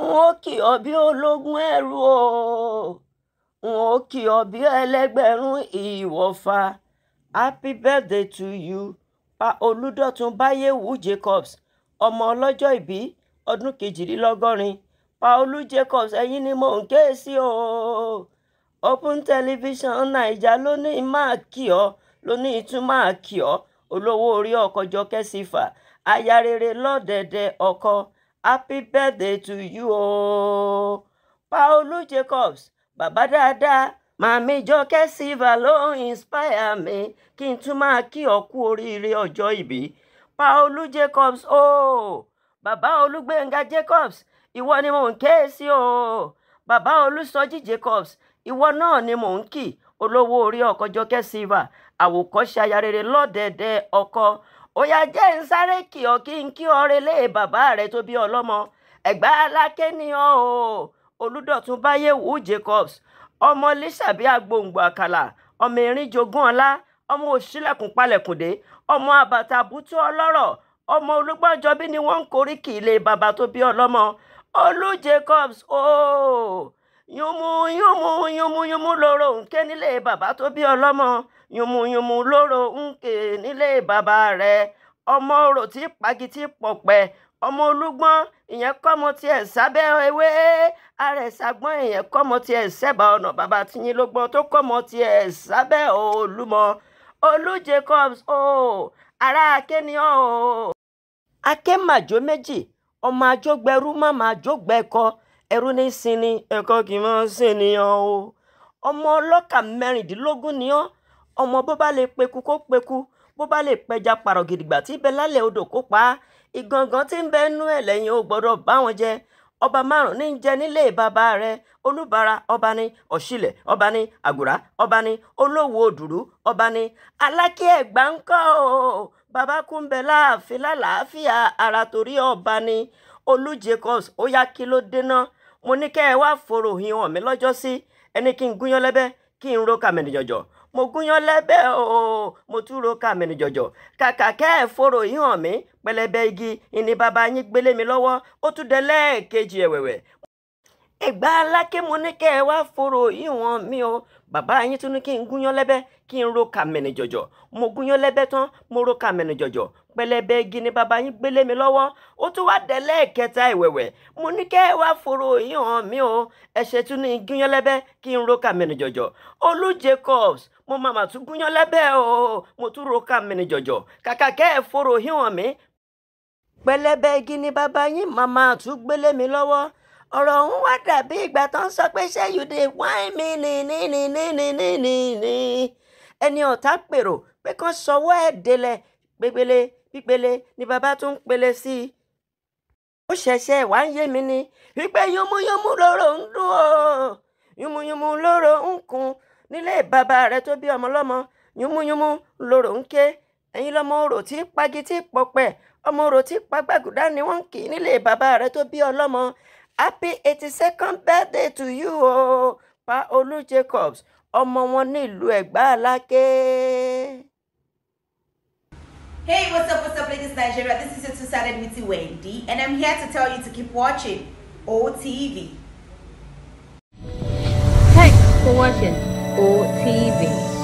n ó kì ọ́ bí ológun ẹrú o n ó kì ọ́ bí ẹlẹ́gbẹ̀rún ìwọ̀fà happy birthday to you pa olùdọ̀tún báyẹ̀wù jacobs ọmọ ọlọ́jọ́ ìbí ọdún pa paolu jacobs ẹ̀yin ni mò ń ké sí o open television naija ló ní máa kì ọ́ ló ní ìtún máa kì ọ́ olówó orí ọkọ̀ jọkẹ́ sífà aya rere lọ́dẹ̀dẹ̀ happy birthday to you Paulu Jacobs Baba dada mami Jọkẹ́ Silva ló inspire mi kí n tún máa kí ọ oríire ọjọ́ ìbí Jacobs o oh. bàbá Jacobs ìwọ ni mò ń ké sí o baba Olúsọjí Jacobs ìwọ náà ni mò ń kí olówó orí ọkọ Jọkẹ Silva àwòkọ́ṣe ayarere ọkọ ó yá jẹ́ ń sáré kí ọ kí n kí ọ relé bàbá rẹ tó bí ọlọ́mọ ẹ̀gbá aláké ni ọ o olùdọ̀tún báyẹ̀wò jacobs ọmọ lísàbí agbóǹgbò àkàlà ọmọ erin jogún ọlá ọmọ òṣìlẹ̀kùn palẹ̀kùndé ọmọ àbàtà àbútú ọlọ́rọ̀ ọmọ olùgbọ́njọbí ni wọ́n ń korí kì í lè bàbá tó bí ọlọ́mọ olú jacobs ooo yùmùyùmùyùmùyùmù lóró òǹkẹ́ nílé bàbá tó bí ọlọ́mọ yùmùyùmù lóró ń ké nílé bàbá rẹ̀ ọmọ orò tí pagi tí pọ̀pẹ́ ọmọ olúgbọ́n ìyẹn kọ́mọ tiẹ̀ sábẹ́ ewé àrẹ̀sàgbọ́n ìyẹn kọ́mọ tiẹ̀ sẹ́bà ọ̀nà bàbá tiyín ló gbọ́n tó kọ́mọ tiẹ̀ sábẹ́ olúmọ olú jacobs o ará akéníyàn o. akémàjò méjì ọmọ àjọgbẹrú màmá àjọgbẹkọ ẹrú ní sinmi ẹkọ kì í mọ sí ènìyàn o ọmọ ọlọ́kà mẹ́rìndínlógún ni ọ́ ọmọ bó bá lè peku kó peku bó bá lè pẹja pààrọ̀ gidigba tí bẹ lálẹ́ odò kó pa á ìgangan tí ń bẹ nú ẹ̀ lẹ́yìn ò gbọ́dọ̀ bá jẹ ọba márùn ní jẹ nílé bàbá rẹ̀ olúbara ọba ni ọ̀ṣìlẹ̀ ọba ni àgùrá ọba ni olówó òdùrú ọba ni alákí ẹ̀gbá ń kọ́ o bàbá kú ń bẹ láàfin lálàáfíà ara torí ọba ni olú jacobs ó yá kí ló dénà mo ní kẹ́ ẹ wá foròhìn hàn mí lọ́jọ́ sí ẹni kí n gúnyán lẹ́bẹ́ kí n ro kàmẹ́nì mo gúnyán lẹ́bẹ̀ o mo tún ro ká mẹ́rin jọ̀jọ̀ kàkà kẹ́ ẹ̀ fòrò yìí hàn mí pẹlẹbẹ igi ìní bàbá yín gbélé mi lọ́wọ́ ó tún dẹ lẹ́ẹ̀kejì ẹ̀wẹ̀wẹ̀ Ẹ̀gbá Aláké mo ní kẹ́ ẹ wá fòrò ìwọ̀n mi o bàbá yín tún ní kí n gúnyán lẹ́bẹ́ kí n ro kàmẹ̀nì jọ̀jọ̀ mo gúnyán lẹ́bẹ́ tán mo ro kàmẹ̀nì jọ̀jọ̀ pẹlẹbẹ igi ni bàbá yín gbélé mi lọ́wọ́ ó tún wá dẹ́lẹ́ kẹta ìwẹ̀wẹ̀ mo ní kẹ́ ẹ wá fòrò ìhàn mi o ẹ̀ṣẹ̀ tún ní gúnyán lẹ́bẹ́ kí n ro kàmẹ̀nì jọ̀jọ̀ Olú Jacobs mo màmá tún gúnyán lẹ́bẹ́ o mo tún ro kàmẹ̀nì jọ̀jọ̀ kàkà kẹ́ ẹ fòrò ìhàn mi pẹlẹbẹ igi ni bàbá yín màmá tún gbélé mi lọ́wọ́ ọ̀rọ̀ ọ̀hún wá dàbí ìgbà tó ń sọ pé ṣé you dey whine me ni ni ni ni ni ni ni ni ẹni ọ̀tá pèrò pé kán sọwọ́ ẹ̀ délẹ̀ pépélé pípélé ni bàbá tún ń pélé sí i ó ṣẹ̀ṣẹ̀ wá ń yé mi ni wípé yúnmúyúnmú lóró ń dún o yúnmúyúnmú lóró ń kun nílé bàbá rẹ tó bí ọmọ lọ́mọ yúnmúyúnmú lóró ń ké ẹ̀yin lọ́mọ orò tí pagi tí pọpẹ ọmọ orò tí pagbàgùdá ni wọ́n ń kì í nílé bàbá rẹ tó bí ọlọ́mọ happy eighty second birthday to you oh, pa olú jacobs ọmọ wọn nílùú ẹ̀gbá aláké. Hey, what's up, what's up, ladies Nigeria? This is your two-sided witty Wendy, and I'm here to tell you to keep watching OTV. Thanks for watching OTV.